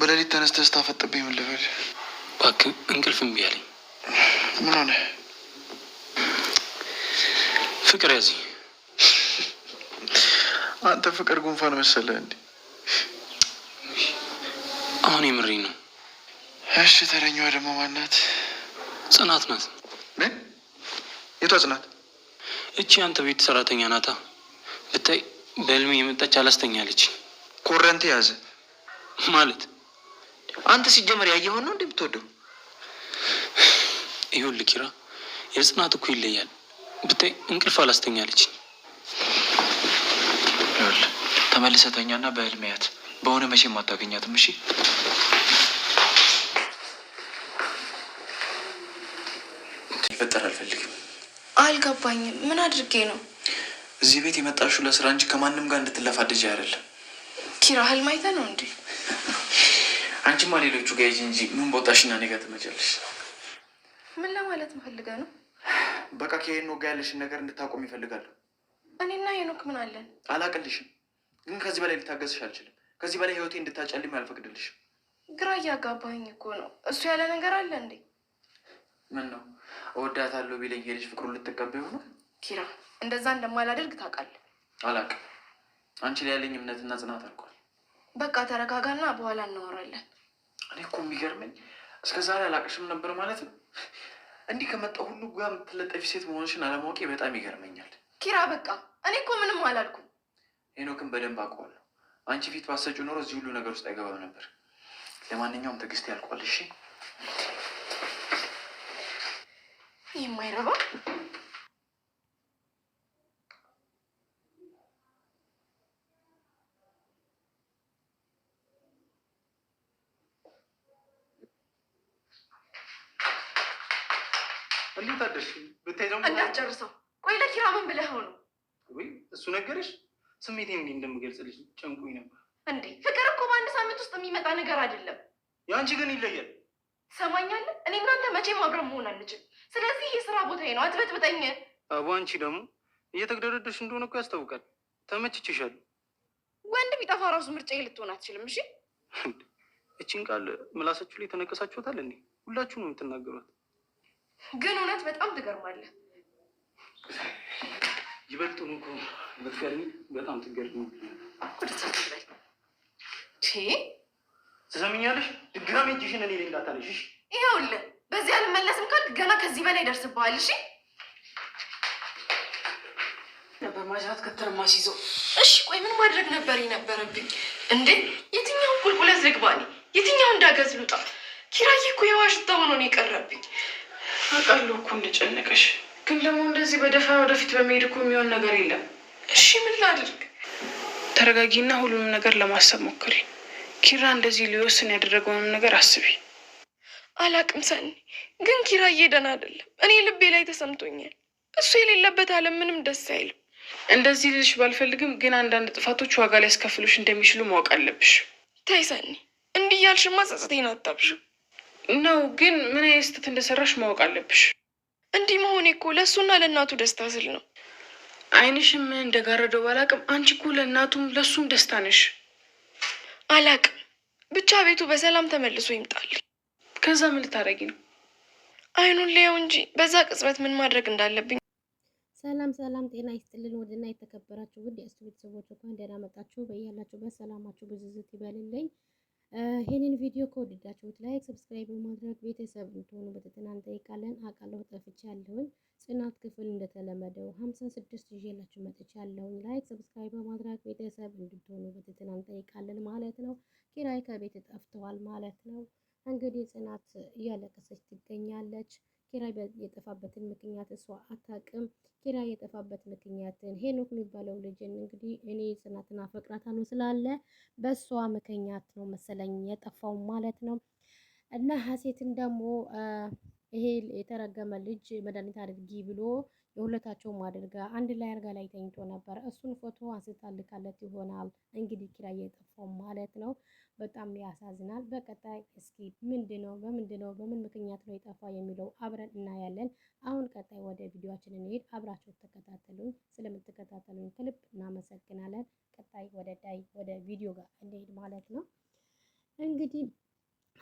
በሌሊት ተነስተህ ስታፈጥብኝ ምን ልበል? እባክህ እንቅልፍ እምቢ አለኝ። ምን ሆነ? ፍቅር ያዘኝ። አንተ ፍቅር ጉንፋን መሰለህ እንዴ? አሁን የምሬ ነው። እሺ ተረኛዋ ደግሞ ማናት? ጽናት ናት። የቷ ጽናት? እቺ አንተ ቤት ሰራተኛ ናታ። ብታይ በህልሜ የመጣች አላስተኛለች። ኮረንት ያዘ ማለት አንተ ሲጀመር ያየሆን ነው እንደምትወደው። ይኸውልህ ኪራ፣ የጽናት እኮ ይለያል ብታይ እንቅልፍ አላስተኛለች። ተመልሰተኛና በህልሜያት በሆነ መቼ የማታገኛትም። እሺ ይፈጠር አልፈልግም። አልገባኝም። ምን አድርጌ ነው እዚህ ቤት የመጣሹ? ለስራ እንጂ ከማንም ጋር እንድትለፍ ድጃ አይደለም። ኪራ ህልም አይተህ ነው እንዴ? አንቺማ ሌሎቹ ጋር ሂጂ እንጂ ምን በወጣሽና እኔ ጋር ትመጫለሽ? ምን ለማለት መፈልገ ነው? በቃ ከሄኖክ ጋር ያለሽን ነገር እንድታቆም ይፈልጋለሁ። እኔና ሄኖክ ምን አለን? አላቅልሽም፣ ግን ከዚህ በላይ ልታገዝሽ አልችልም። ከዚህ በላይ ህይወቴ እንድታጨልም አልፈቅድልሽም። ግራ እያጋባኝ እኮ ነው። እሱ ያለ ነገር አለ እንዴ? ምን ነው እወዳታለሁ ቢለኝ ሄደሽ ፍቅሩን ልትቀበ ሆነ? ኪራ፣ እንደዛ እንደማላደርግ ታውቃለህ። አላቅም። አንቺ ላይ ያለኝ እምነትና ጽናት አልቋል። በቃ ተረጋጋና በኋላ እናወራለን። እኔ እኮ የሚገርመኝ እስከ ዛሬ አላቅሽም ነበር ማለት ነው። እንዲህ ከመጣ ሁሉ ጋር የምትለጠፊ ሴት መሆንሽን አለማወቄ በጣም ይገርመኛል። ኪራ በቃ እኔ እኮ ምንም አላልኩም። ሄኖክን በደንብ አውቀዋለሁ። አንቺ ፊት ባሰጩ ኖሮ እዚህ ሁሉ ነገር ውስጥ አይገባም ነበር። ለማንኛውም ትዕግስት ያልቋል። እሺ የማይረባ እንዴት አደርሽ? ብታይ ደግሞ እንዳትጨርሰው። ቆይ ለኪራ ምን ብለኸው ነው? ወይ እሱ ነገርሽ? ስሜቴን እንዲህ እንደምገልጽልሽ ጨንቁኝ ነበር እንዴ። ፍቅር እኮ በአንድ ሳምንት ውስጥ የሚመጣ ነገር አይደለም። የአንቺ ግን ይለያል። ትሰማኛለህ? እኔ እናንተ መቼም አብረን መሆን አንችል። ስለዚህ የስራ ቦታዬ ነው፣ አትበጥብጠኝ። አቡ፣ አንቺ ደግሞ እየተግደረደሽ እንደሆነ እኮ ያስታውቃል። ተመችችሻል። ወንድ ቢጠፋ ራሱ ምርጫዬ ልትሆን አትችልም። እሺ፣ እቺን ቃል ምላሳችሁ ላይ ተነቀሳችሁታል እንዴ? ሁላችሁ ነው የምትናገሯት። ግን እውነት በጣም ትገርማለህ። ይበልጡን እኮ ብትገርሚ በጣም ትገርሚ። ትሰምኛለሽ? ድጋሜ እጅሽን እኔ ላይ እንዳታለሽ እሺ? ይኸውልህ በዚህ አልመለስም ካልክ ገና ከዚህ በላይ ይደርስብሃል። እሺ ነበር ማጅራት ከተማ ሲይዘው። እሺ ቆይ ምን ማድረግ ነበር የነበረብኝ እንዴ? የትኛውን ቁልቁለት ልግባ? እኔ የትኛውን እንዳገዝ ልውጣ? ኪራይ እኮ የዋሽታ ሆኖ ነው የቀረብኝ። አውቃለሁ እኮ እንደጨነቀሽ፣ ግን ደግሞ እንደዚህ በደፋ ወደፊት በመሄድ እኮ የሚሆን ነገር የለም። እሺ ምን ላድርግ? ተረጋጊና ሁሉንም ነገር ለማሰብ ሞክሪ። ኪራ እንደዚህ ሊወስን ያደረገውንም ነገር አስቢ። አላቅም ሰኒ፣ ግን ኪራ እየደን አይደለም። እኔ ልቤ ላይ ተሰምቶኛል። እሱ የሌለበት አለም ምንም ደስ አይልም። እንደዚህ ልልሽ ባልፈልግም፣ ግን አንዳንድ ጥፋቶች ዋጋ ሊያስከፍሉሽ እንደሚችሉ ማወቅ አለብሽ። ተይ ሰኒ፣ እንዲህ ያልሽማ ጸጸቴን ነው ግን ምን አይነት ስህተት እንደሰራሽ ማወቅ አለብሽ። እንዲህ መሆኔ እኮ ለእሱና ለእናቱ ደስታ ስል ነው። ዓይንሽን ምን እንደጋረደው ባላቅም አንቺ እኮ ለእናቱም ለእሱም ደስታ ነሽ። አላቅም ብቻ ቤቱ በሰላም ተመልሶ ይምጣል። ከዛ ምን ልታረጊ ነው? አይኑን ሊያው እንጂ በዛ ቅጽበት ምን ማድረግ እንዳለብኝ። ሰላም ሰላም፣ ጤና ይስጥልን ወደና የተከበራችሁ ውድ የእሱ ቤተሰቦች እንኳን ደህና መጣችሁ። በያላችሁበት ሰላማችሁ ብዙ ይብዛልኝ። ይህንን ቪዲዮ ከወደዳችሁት ላይክ፣ ሰብስክራይብ በማድረግ ቤተሰብ እንድትሆኑ በትህትና እንጠይቃለን። አቃለሁ ጠፍቻለሁኝ። ጽናት ክፍል እንደተለመደው ሀምሳ ስድስት ይዤላችሁ መጥቻለሁኝ። ላይክ፣ ሰብስክራይብ በማድረግ ቤተሰብ እንድትሆኑ በትህትና እንጠይቃለን ማለት ነው። ኪራይ ከቤት ጠፍተዋል ማለት ነው። እንግዲህ ጽናት እያለቀሰች ትገኛለች። ኪራ የጠፋበትን ምክንያት እሷ አታውቅም። ኪራ የጠፋበት ምክንያትን ሄኖክ የሚባለው ልጅን እንግዲህ እኔ ጽናትን አፈቅራታለሁ ስላለ በእሷ ምክንያት ነው መሰለኝ የጠፋው ማለት ነው። እና ሀሴትን ደግሞ ይሄ የተረገመ ልጅ መድኃኒት አድርጊ ብሎ የሁለታቸውም አድርጋ አንድ ላይ አልጋ ላይ ተኝቶ ነበር። እሱን ፎቶ አንስታ ልካለት ይሆናል እንግዲህ ኪራዬ የጠፋው ማለት ነው። በጣም ያሳዝናል። በቀጣይ እስኪ ምንድን ነው በምንድን ነው በምን ምክንያት ነው የጠፋ የሚለው አብረን እናያለን። አሁን ቀጣይ ወደ ቪዲዮችን እንሄድ። አብራችሁ ተከታተሉኝ። ስለምትከታተሉኝ ከልብ እናመሰግናለን። ቀጣይ ወደ ዳይ ወደ ቪዲዮ ጋር እንሄድ ማለት ነው እንግዲህ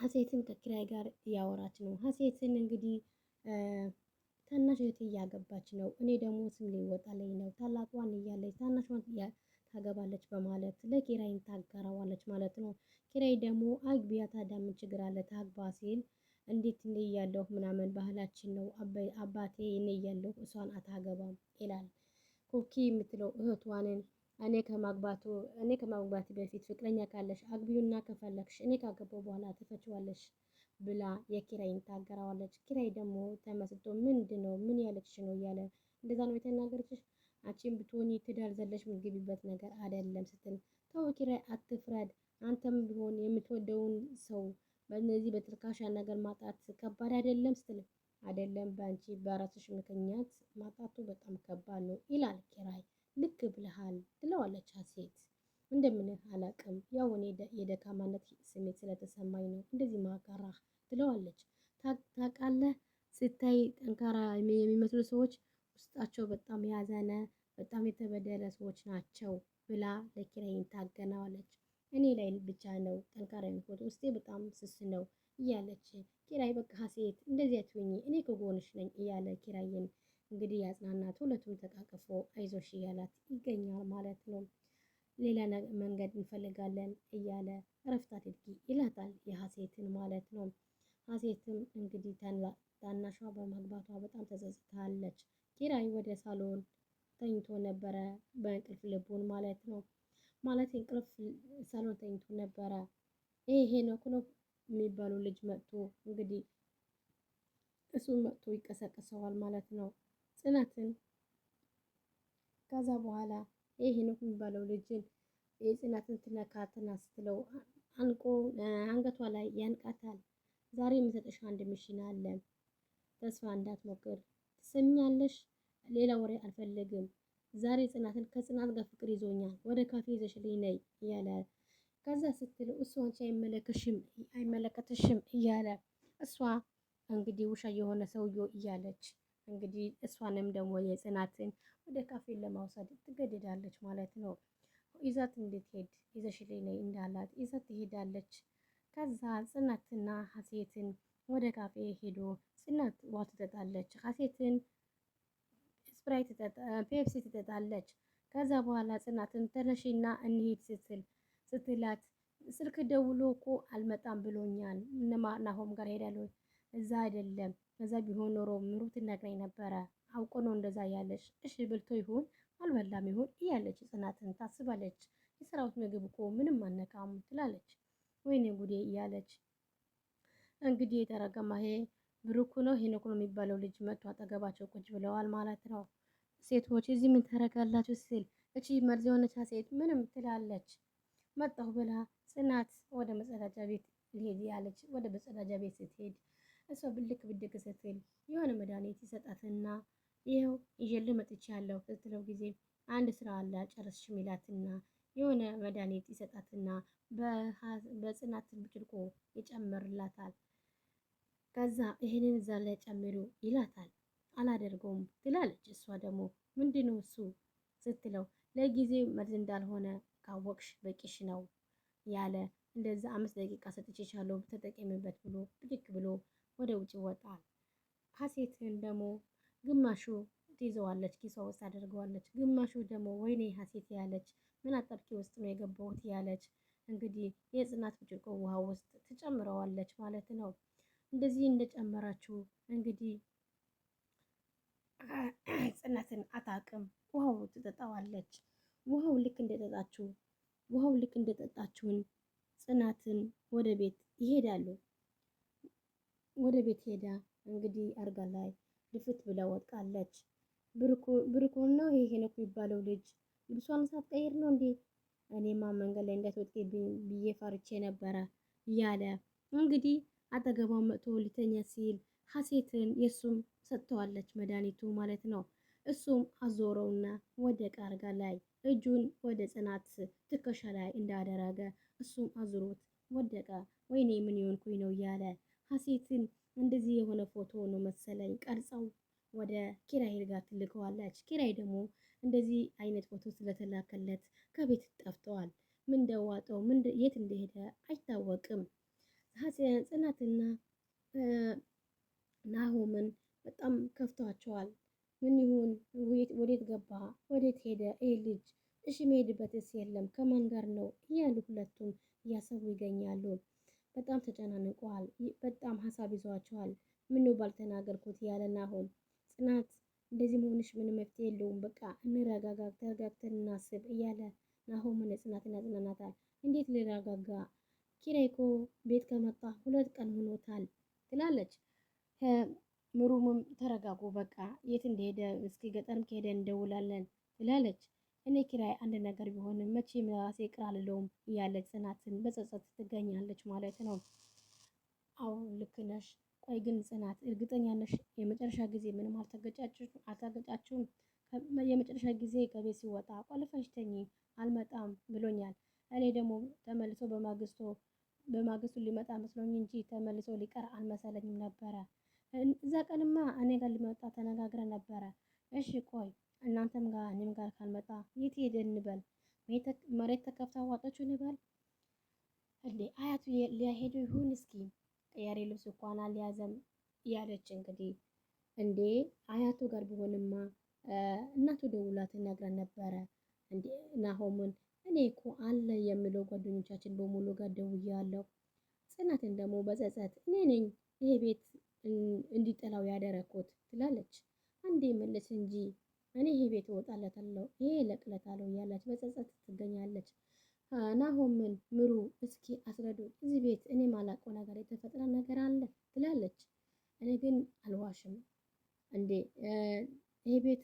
ሀሴትን ከኪራይ ጋር እያወራች ነው። ሀሴትን እንግዲህ ታናሽ እህቴ እያገባች ነው፣ እኔ ደግሞ ስም ሊወጣልኝ ነው። ታላቋን እያለች ታናሿን ታገባለች በማለት ለኪራይን ታጋራዋለች ማለት ነው። ኪራይ ደግሞ አግቢያ ታዲያ ምን ችግር አለ ታግባ ሲል እንዴት እኔ እያለሁ ምናምን ባህላችን ነው አባቴ እኔ እያለሁ እሷን አታገባም ይላል። ኮኪ የምትለው እህቷንን እኔ ከማግባቱ እኔ ከማግባት በፊት ፍቅረኛ ካለሽ አግቢውና ከፈለግሽ እኔ ካገባው በኋላ ትፈችዋለሽ ብላ የኪራይን ታገራዋለች። ኪራይ ደግሞ ተመስጦ ምንድን ነው ምን ያለችሽ ነው እያለ እንደዛ ነው የተናገረችሽ። አንቺም ብትሆኚ ትዳር ዘለሽ ምግቢበት ነገር አይደለም ስትል ተው ኪራይ አትፍረድ። አንተም ቢሆን የምትወደውን ሰው በእነዚህ በትልካሻ ነገር ማጣት ከባድ አይደለም ስትል አይደለም በአንቺ በራስሽ ምክንያት ማጣቱ በጣም ከባድ ነው ይላል ኪራይ። ልክ ብለሃል ትለዋለች ሀሴት። እንደምልህ አላቅም። ያው እኔ የደካማነት ስሜት ስለተሰማኝ ነው እንደዚህ ማጋራ ትለዋለች። ታውቃለህ ስታይ ጠንካራ የሚመስሉ ሰዎች ውስጣቸው በጣም ያዘነ በጣም የተበደለ ሰዎች ናቸው ብላ ለኪራይን ታገናዋለች። እኔ ላይ ብቻ ነው ጠንካራ የሚሆን ውስጤ በጣም ስስ ነው እያለች ኪራይ በቃ ሀሴት እንደዚህ አትሁኚ እኔ ከጎንሽ ነኝ እያለ ኪራይን እንግዲህ ያጽናናት። ሁለቱም ተቃቅፎ አይዞሽ እያላት ይገኛል ማለት ነው። ሌላ መንገድ እንፈልጋለን እያለ እረፍት አድርጊ ይላታል። የሀሴትን ማለት ነው። ሀሴትም እንግዲህ ታናሿ በማግባቷ በጣም ተጸጽታለች። ኪራይ ወደ ሳሎን ተኝቶ ነበረ፣ በእንቅልፍ ልቡን ማለት ነው። ማለት እንቅልፍ ሳሎን ተኝቶ ነበረ። ይሄ ነው ነው የሚባሉ ልጅ መጥቶ እንግዲህ እሱን መጥቶ ይቀሰቅሰዋል ማለት ነው ጽናትን ከዛ በኋላ ይህ ሄኖክ የሚባለው ልጅን የጽናትን ትነካትና ስትለው አንቆ አንገቷ ላይ ያንቃታል። ዛሬ የምሰጥሽ አንድ ሚሽን አለ። ተስፋ እንዳትሞክር ትሰሚኛለሽ? ሌላ ወሬ አልፈልግም። ዛሬ ጽናትን ከጽናት ጋር ፍቅር ይዞኛል፣ ወደ ካፌ ይዘሽልኝ ነይ እያለ ከዛ ስትል እሱ አንቺ አይመለከሽም አይመለከተሽም እያለ እሷ እንግዲህ ውሻ የሆነ ሰውዬው እያለች እንግዲህ እሷንም ደግሞ የጽናትን ወደ ካፌን ለማውሰድ ትገደዳለች ማለት ነው። ይዛት እንድትሄድ ይዘሽልኝ ነይ እንዳላት ይዛት ትሄዳለች። ከዛ ጽናትና ሀሴትን ወደ ካፌ ሄዶ ጽናት ውሃ ትጠጣለች። ሀሴትን ስፕራይት ፔፕሲ ትጠጣለች። ከዛ በኋላ ጽናትን ተነሽና እንሄድ ስትል ስትላት ስልክ ደውሎ እኮ አልመጣም ብሎኛል ናሆም ጋር ሄዳለሁ እዛ አይደለም እዛ ቢሆን ኖሮ ምሩ ትነግረኝ ነበረ። አውቆ ነው እንደዛ ያለች። እሺ በልቶ ይሁን አልበላም ይሁን እያለች ጽናትን ታስባለች። የሰራዊት ምግብ እኮ ምንም አነቃም ትላለች። ወይኔ ጉዴ እያለች እንግዲህ የተረገማሄ ብሩክ ነው ሄኖክ ነው የሚባለው ልጅ መጥቶ አጠገባቸው ቁጭ ብለዋል ማለት ነው። ሴቶች እዚህ ምን ታረጋላችሁ ሲል እቺ መርዝ የሆነች ሴት ምንም ትላለች። መጣሁ ብላ ጽናት ወደ መጸዳጃ ቤት ልሄድ ያለች ወደ መጸዳጃ ቤት ስትሄድ ከሰው ብልክ ብድግ ስትል የሆነ መድኃኒት ይሰጣትና ይኸው ይዤልህ መጥቻለሁ ስትለው ጊዜ አንድ ስራ አለ ጨረስሽም ይላትና የሆነ መድኃኒት ይሰጣትና በጽናት ብጭልቆ ይጨምርላታል። ከዛ ይህንን እዛ ላይ ጨምሩ ይላታል። አላደርገውም ትላለች። እሷ ደግሞ ምንድነው እሱ ስትለው ለጊዜ መርዝ እንዳልሆነ ካወቅሽ በቂሽ ነው ያለ እንደዛ አምስት ደቂቃ ሰጥቼሻለሁ ተጠቀሚበት ብሎ ብድግ ብሎ ወደ ውጭ ይወጣል። ሀሴትን ደግሞ ግማሹ ትይዘዋለች፣ ኪሷ ውስጥ አድርገዋለች። ግማሹ ደግሞ ወይኔ ሀሴት ያለች ምን አጣብቂ ውስጥ ነው የገባሁት ያለች እንግዲህ የጽናት ብርጭቆ ውሃ ውስጥ ትጨምረዋለች ማለት ነው። እንደዚህ እንደጨመራችሁ እንግዲህ ጽናትን አታውቅም። ውሃው ትጠጣዋለች። ውሃው ልክ እንደጠጣችሁ ውሃው ልክ እንደጠጣችሁን ጽናትን ወደ ቤት ይሄዳሉ። ወደ ቤት ሄዳ እንግዲህ አርጋ ላይ ድፍት ብላ ወጥቃለች። ብርኩን ነው ይሄ ሄኖክ የሚባለው ልጅ ልብሷን ሳትቀይር ነው እንዴ? እኔማ መንገድ ላይ እንዳትወድቅብኝ ብዬ ፈርቼ ነበረ እያለ እንግዲህ አጠገቧ መጥቶ ልተኛ ሲል ሀሴትን የእሱም ሰጥተዋለች መድኃኒቱ ማለት ነው። እሱም አዞረውና ወደ ቃርጋ ላይ እጁን ወደ ጽናት ትከሻ ላይ እንዳደረገ እሱም አዙሮት ወደቀ። ወይኔ ምን ይሆንኩኝ ነው እያለ ሀሴትን እንደዚህ የሆነ ፎቶ ነው መሰለኝ ቀርጸው ወደ ኪራይ ጋር ትልከዋለች። ኪራይ ደግሞ እንደዚህ አይነት ፎቶ ስለተላከለት ከቤት ጠፍተዋል። ምን እንደዋጠው ምን የት እንደሄደ አይታወቅም። ጽናትና ናሆምን በጣም ከፍቷቸዋል። ምን ይሁን ወዴት ገባ ወዴት ሄደ ይህ ልጅ? እሺ መሄድበትስ የለም ከማን ጋር ነው እያሉ ሁለቱም እያሰቡ ይገኛሉ። በጣም ተጨናንቀዋል። በጣም ሀሳብ ምን ነው ባልተናገርኩት ያለ ናሆም ጽናት እንደዚህ መሆንሽ ምንም መፍትሄ የለውም፣ በቃ እንረጋጋ፣ ተረጋግተን እናስብ እያለ ናሆምን ጽናትን ያጽናናታል። እንዴት ልረጋጋ? ኪራይ እኮ ቤት ከመጣ ሁለት ቀን ሆኖታል ትላለች። ምሩምም ተረጋጉ፣ በቃ የት እንደሄደ እስኪ ገጠርም ከሄደ እንደውላለን ትላለች። እኔ ኪራይ አንድ ነገር ቢሆንም መቼም ራሴ ቅር አልለውም እያለች ጽናትን በጸጸት ትገኛለች ማለት ነው። አዎ ልክ ነሽ። ቆይ ግን ጽናት እርግጠኛ ነሽ የመጨረሻ ጊዜ ምንም አልታገጫችሁም? የመጨረሻ ጊዜ ከቤት ሲወጣ ቆልፈሽ ተኚ አልመጣም ብሎኛል። እኔ ደግሞ ተመልሶ በማግስቱ በማግስቱ ሊመጣ መስሎኝ እንጂ ተመልሶ ሊቀር አልመሰለኝም ነበረ። እዛ ቀንማ እኔ ጋር ሊመጣ ተነጋግረ ነበረ። እሺ ቆይ እናንተም ጋር እኔም ጋር ካልመጣ የት ሄደ እንበል? መሬት ተከፍታ ዋጠችው እንበል? እንዴ አያቱ ሊያሄዱ ይሁን እስኪ ቀያሪ ልብስ እንኳን አልያዘም ያለች እንግዲህ እንዴ አያቱ ጋር ቢሆንማ እናቱ ደውላ ትነግረን ነበረ። እንዴ ናሆምን እኔ እኮ አለ የሚለው ጓደኞቻችን በሙሉ ጋር ደውያለሁ። ጽናትን ደግሞ በጸጸት እኔ ነኝ ይሄ ቤት እንዲጠላው ያደረኩት ትላለች። አንዴ መለስ እንጂ እኔ ይሄ ቤት እወጣለታለሁ፣ ይሄ እለቅለታለሁ እያለች በጸጸት ትገኛለች። ናሆምን ምሩ እስኪ አስረዱ፣ እዚህ ቤት እኔ ማላቆ ነገር የተፈጠረ ነገር አለ ትላለች። እኔ ግን አልዋሽም እንዴ ይሄ ቤት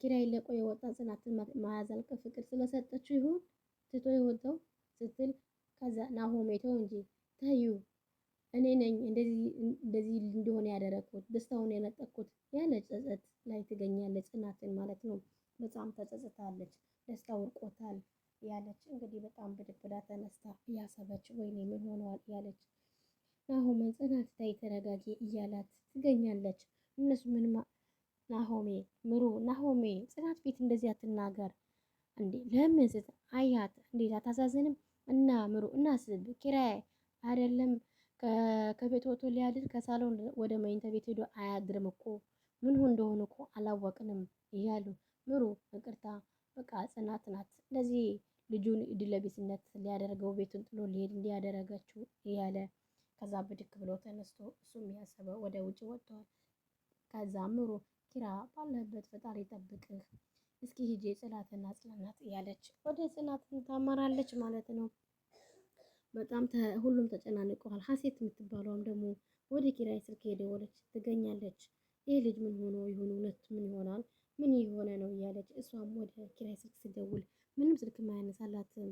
ኪራይ ለቆ የወጣ ጽናትን ማያዛልቅ ፍቅር ስለሰጠችው ይሁን ትቶ የወጣው ስትል ከዛ ናሆም ተው እንጂ ታዩ እኔ ነኝ እንደዚህ እንደሆነ ያደረግኩት ደስታውን የነጠቅኩት ያለች ጸጸት ላይ ትገኛለች። ጽናትን ማለት ነው። በጣም ተጸጽታለች። ደስታ ወርቆታል ያለች እንግዲህ በጣም ብድግ ብላ ተነስታ እያሰበች ወይኔ ምን ሆነዋል ያለች ናሆሜ ጽናት ላይ ተረጋጊ እያላት ትገኛለች። እነሱ ምን ናሆሜ ምሩ ናሆሜ ጽናት ቤት እንደዚህ አትናገር እንዴ ለምን ስት አያት እንዴት አታሳዝንም? እና ምሩ እና እናስብ ኪራይ አይደለም ከቤት ወቶ ሊያድር ከሳሎን ወደ መኝታ ቤት ሄዶ አያድርም እኮ ምን እንደሆነ እኮ አላወቅንም እያሉ ምሩ ይቅርታ በቃ ጽናት ናት እንደዚህ ልጁን እድለቢስነት ሊያደርገው ቤቱን ጥሎ ሊሄድ እንዲያደረገችው እያለ ከዛ ብድክ ብሎ ተነስቶ እሱም እያሰበ ወደ ውጭ ወጥቷል። ከዛ ምሩ ኪራ ባለበት ፈጣሪ ጠብቅህ እስኪ ሂጄ ጽናትና ጽናት እያለች ወደ ጽናት ታመራለች ማለት ነው። በጣም ሁሉም ተጨናንቀዋል። ሀሴት የምትባለዋም ደግሞ ወደ ኪራይ ስልክ የደወለች ትገኛለች። ይህ ልጅ ምን ሆኖ ይሆን እውነት ምን ይሆናል ምን የሆነ ነው እያለች እሷም ወደ ኪራይ ስልክ ስደውል ምንም ስልክ ማያነሳላትም።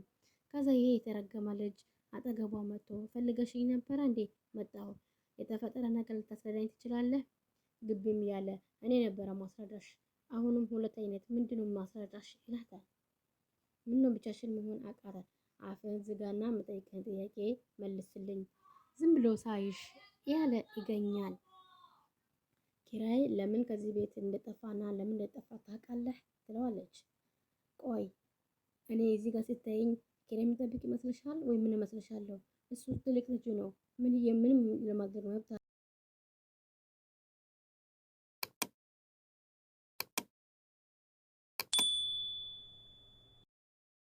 ከዛ ይሄ የተረገመ ልጅ አጠገቧ መጥቶ ፈልገሽኝ ነበረ እንዴ? መጣሁ። የተፈጠረ ነገር ልታስረዳኝ ትችላለህ? ግብም ያለ እኔ ነበረ ማስረዳሽ። አሁንም ሁለት አይነት ምንድነው ማስረዳሽ ይላታል። ብቻሽን መሆን አቃታት? አፍህን ዝጋና መጠይቅን ጥያቄ መልስልኝ። ዝም ብሎ ሳይሽ ያለ ይገኛል። ኪራይ ለምን ከዚህ ቤት እንደጠፋና ለምን እንደጠፋ ታውቃለህ? ትለዋለች። ቆይ እኔ እዚህ ጋር ስታይኝ ኪራይ የሚጠብቅ ይመስልሻል? ወይ ምን ይመስልሻለሁ? እሱ ትልቅ ልጅ ነው። ምን የምንም ለማድረግ መብት